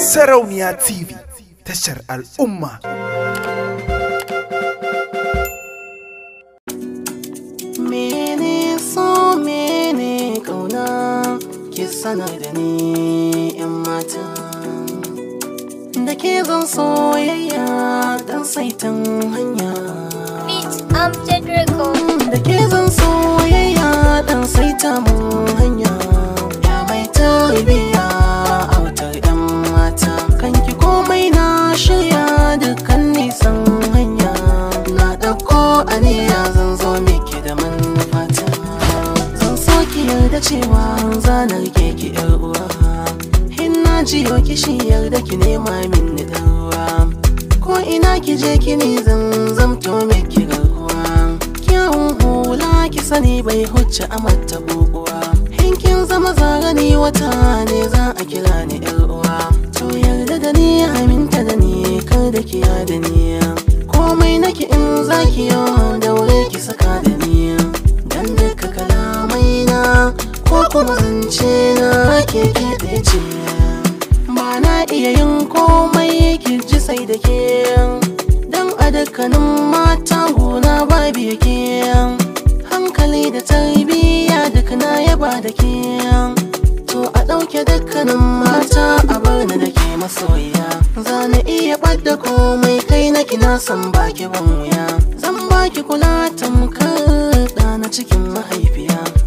Sarauniya TV tashar al'umma. Mene so mene kauna ke sanar da ni ‘yan mata. Da ke zan soyayya dan saitan hanya. Meet Amjad Da ke zan soyayya dan saita mu yarda cewa za na ki yar uwa in na jiyo ki shi yarda ki nema min ni ɗan ko ina ki je ki ne zan zamto me ki garkuwa kyawun hula ki sani bai huce amata buguwa in kin zama zara ne wata ne za a kira ni yar ce na ke keɓe ba na iya yin komai girji sai da ke dan a dukkanin mata gona babu ke. hankali da tarbiyya duk na yaba da ke to a ɗauke dukkanin mata a bar da ke masoya za na iya ɓadda komai kai na kina san baki ban wuya zan baki kula tamkar ɗana cikin mahaifiya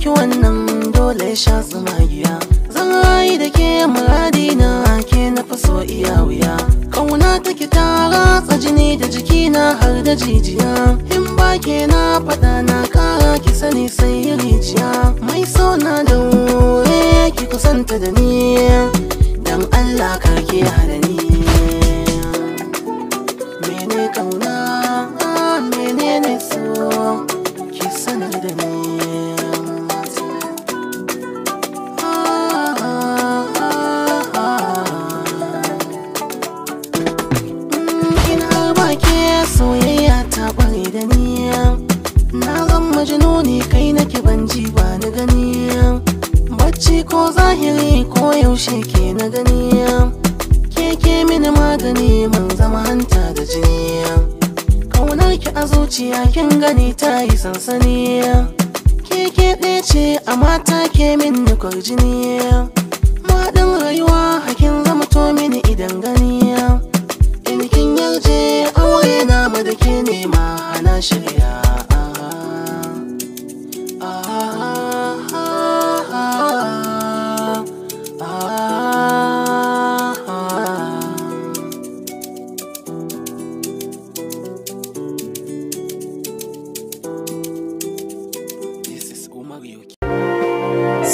ki wannan dole sha magiya. zan rayu da ke muradi na ke na faso iya wuya kauna take ta ratsa jini da jikina har da jijiya in ba ke na faɗa na kara ki sani sai yi rijiya mai so na da wuri ki kusanta da ni dan Allah karki hada ni mene kauna menene so ki sanar da ni soyayya ta kware da niya na zan majinuni kai nake ban ji ba ni gani bacci ko zahiri ko yaushe ke na gani keke mini magani man zama hanta da jini kaunar ki a zuciya kin gani ta yi sansani keke ɗaya ce a mata ke min nukar jini maɗin rayuwa hakin zama to mini idan gani